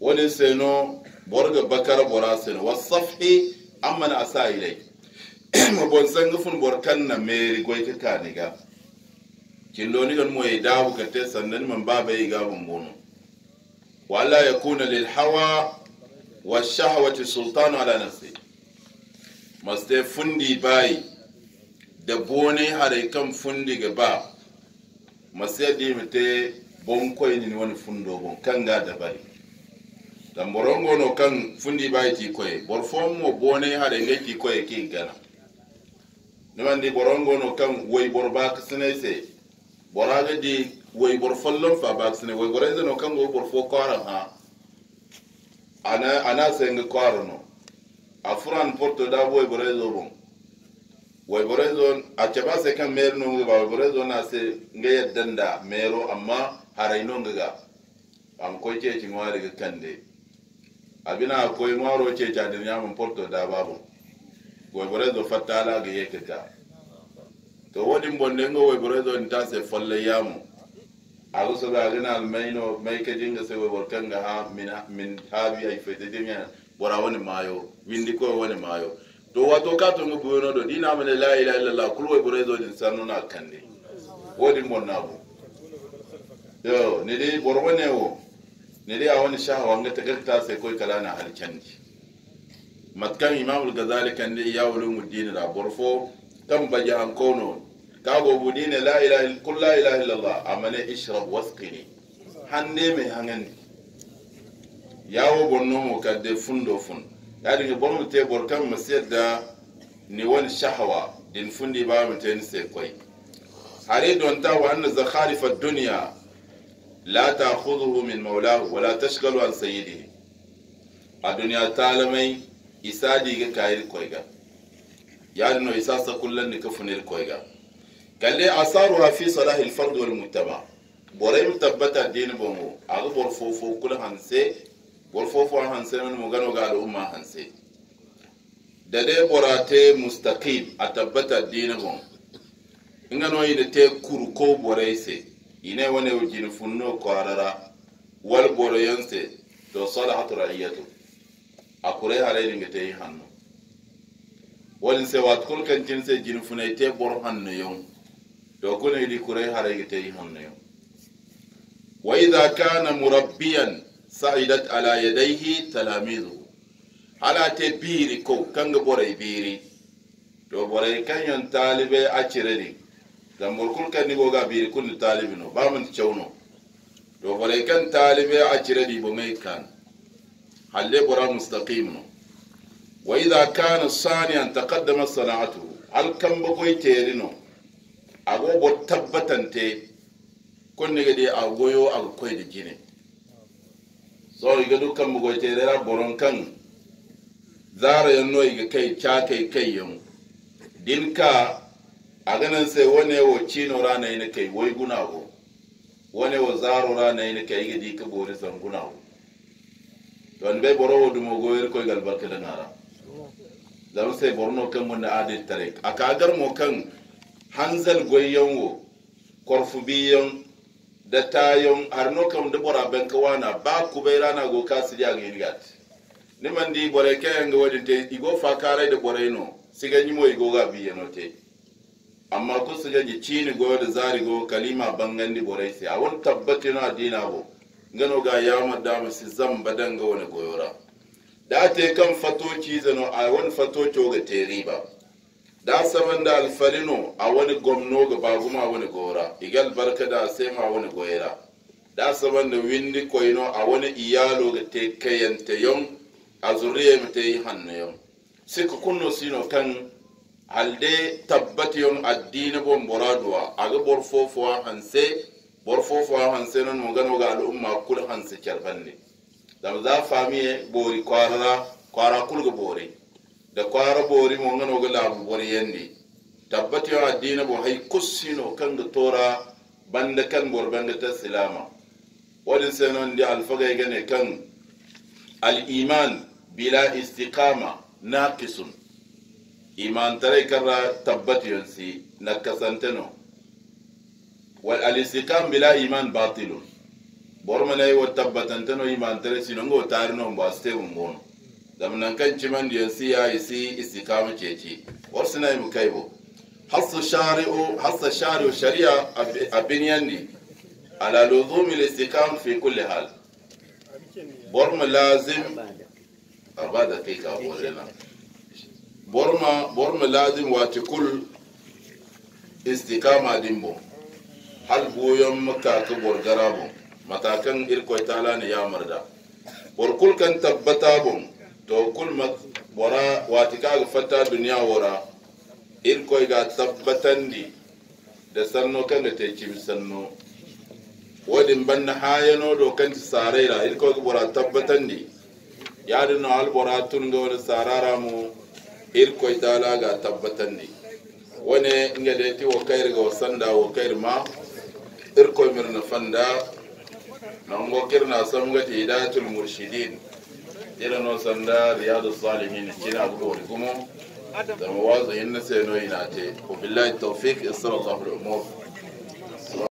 wani seno borga bakar bora seno wasafhi amma na asa ilai mo bon sanga fun bor kan na meri goy ka kaniga ni don moye dawo ka te sannan man baba yi ga bumbuno wala yakuna lil hawa wa shahwati sultana ala nafsi maste fundi bayi da bone hare kan fundi ga ba maste di mate bon koy ni wani fundo bon kanga da bai zamborongo no kan fundi bai ti koy bor fom mo bone hare ne ti koy ki gana nimandi borongo no kan way bor ba sene se boraga di way bor fallo fa ba sene way bor no kan go bor fo kwara ha ana ana senge kwara no afuran porto da way ezo bon way ezo a chaba se kan mer no ba ezo na se ngaya danda mero amma no ngaga am ko ce cin wari ga kande abina koy maro ke ta din ya mun porto da babu goybore do fatala ga ta to wodin bonde ngo goybore do nta se folle yamu alu so ga gina almaino mai ka jinga se goybor kan ga ha min min habi ay fe de nya bora woni mayo windi ko woni mayo to wato ka to ngo boyono do dina mane la ilaha illallah kul goybore do din na kande wodin bonnago yo ne dai borwane wo نريا وان شاه وان تغير تاس كوي كلانا على كندي متكان إمام الغزالة كان يقول مدين الأبور فو تم بجي أنكونو كابو بدين لا إله إلا كل لا إله إلا الله أمن إشرب وسقني هنمي هنن ياو بنو مكاد فندو فن يعني بنو تي بور كم مسير دا نيوان شهوة دين فندي با متين سكوي هاري دون تا وان زخارف الدنيا لا تأخذه من مولاه ولا تشغل عن سيده الدنيا تعلمي إسادي كاير كويغا يعني إنه إساسا كلن كفنير كويغا قال لي أثارها في صلاح الفرد والمتبع بوري متبتا دين بومو أغو بورفوفو كل هنسي بورفوفو هنسي من مغانو قالوا أما هنسي دادي بوراتي مستقيم أتبتا دين بومو إنغانو يدتي كوركو بوريسي ine wane jini funno kwarara wal boro yanse to salahat ra'iyatu akure hare ni ngete hanno wal se wat kul kan jin se jini funai te boro hanno yon to kone di kure hare ngete hanno yon wa idha kana murabbiyan sa'idat ala yadayhi talamidu hala te biri ko kanga boro biri to boro kan yon talibe a cireni dambol kul kan nigo ga biri kun talibi no ba mun cewno do bare kan talibi a cire di bo mai kan halle bora mustaqim no wa idha kana saniyan taqaddama sana'atu al kan ba koy teri no ago bo tabbatante kun ne gade a goyo a koy da gine so iga dukkan mu goy teri ra boron kan zara yanno iga kai cha kai kai yan ka. a ganin se wani wo cino rana na kai wai guna wo wani wo zaro rana na kai ga di ka bori san guna wo don bai boro wa dumo go yer ko ka barka da zan sai se borno kan mun da adil a ka gar mo kan hanzal goyon wo korfu biyan da tayon arno kam da bora ben ka wana ba ku bai rana go ka sidi a ngi gat ni man di bore ke ngi wodin te igo fa kare da bore no siga nyimo igo ga biyeno te amma kusa ji cini go da zarigo kalima bangan di borai si awon tabbati na dina bo gano ga ya madda mu si zamba ga wani goyora da te kan fatoci zano a wani fatoci ga te ba. da saban da alfarino a wani gwamno ga baguma wani gora igal barka da sai ma wani goyera da saban da windi koino a wani iyalo ga te kayanta yon a zuriya mu te yi hannu yon sai ka kunno sino kan alde tabbati yon addini bon boraduwa aga bor fofo hanse bor fofo hanse non mo gano ga al'umma kul hanse kyarbanne da za famiye bori kwara kwara go bori da kwara bori mo gano ga la bori yandi tabbati yon addini bon hay kussino kan da tora banda kan bor banda ta silama wadin senon di alfaga gane kan al iman bila istiqama naqisun إيمان تري كرا تبت ينسي نكسنتنو والالاستقام بلا إيمان باطل برمنا أي وتبت أنتنو إيمان تري سينغو تارنو باستيو مون دمنا كان جمان ينسي يا يسي استقام تيجي ورسنا يمكيبو حص الشارع حص الشارع الشريعة أبنياني على لزوم الاستقام في كل حال برم لازم أربع دقيقة أقول borma borma ladin wati kul istikama dimbo hal buyon maka ka borgara bo matakan irkoi tala ne ya marda kul kan tabbata bo to kul mat bora wati ka ga fatta duniya wora irkoi ga di da sanno kan da teki sanno wadin banna hayano do kan ti sarayra irkoi ga bora di ya no al bora tun ga wani sarara mu irkoy dala ga tabbatanni wane inga leti wo kayir ga wasanda wo kayir ma irkoy mirna fanda nango kirna samgati hidayatul murshidin ila no sanda riyadu salihin kina bugo gumo da mawazo hinna sai no inate wa billahi tawfiq isra Allahu al-umur